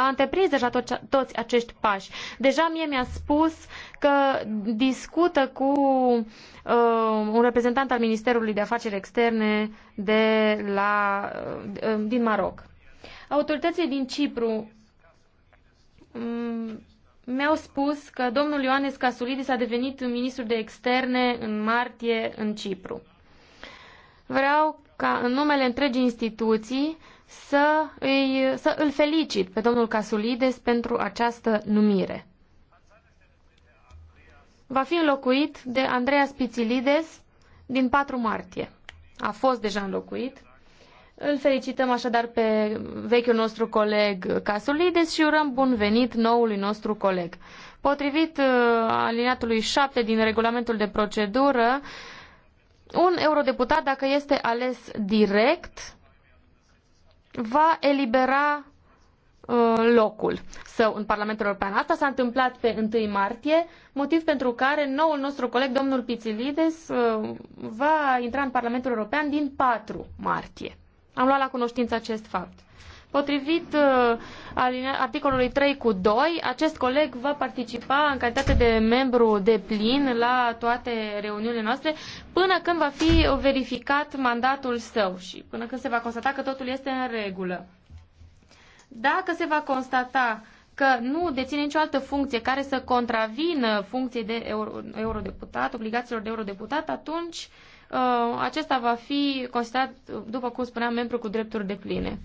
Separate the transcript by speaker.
Speaker 1: a întreprins deja toți, toți acești pași. Deja mie mi-a spus că discută cu uh, un reprezentant al Ministerului de Afaceri Externe de la, uh, uh din Maroc. Autoritățile din Cipru mm, mi-au spus că domnul Ioanes Casulidis a devenit ministru de externe în martie în Cipru. Vreau ca în numele întregii instituții să, îi, să îl felicit pe domnul Casulides pentru această numire. Va fi înlocuit de Andreea Spițilides din 4 martie. A fost deja înlocuit. Îl felicităm așadar pe vechiul nostru coleg Casulides și urăm bun venit noului nostru coleg. Potrivit uh, aliniatului 7 din regulamentul de procedură, un eurodeputat, dacă este ales direct, va elibera uh, locul său în Parlamentul European. Asta s-a întâmplat pe 1 martie, motiv pentru care noul nostru coleg, domnul Pițilides, uh, va intra în Parlamentul European din 4 martie. Am luat la cunoștință acest fapt. Potrivit uh, articolului 3 cu 2, acest coleg va participa în calitate de membru de plin la toate reuniunile noastre până când va fi verificat mandatul său și până când se va constata că totul este în regulă. Dacă se va constata că nu deține nicio altă funcție care să contravină funcției de euro, eurodeputat, obligațiilor de eurodeputat, atunci uh, acesta va fi considerat, după cum spuneam, membru cu drepturi de pline.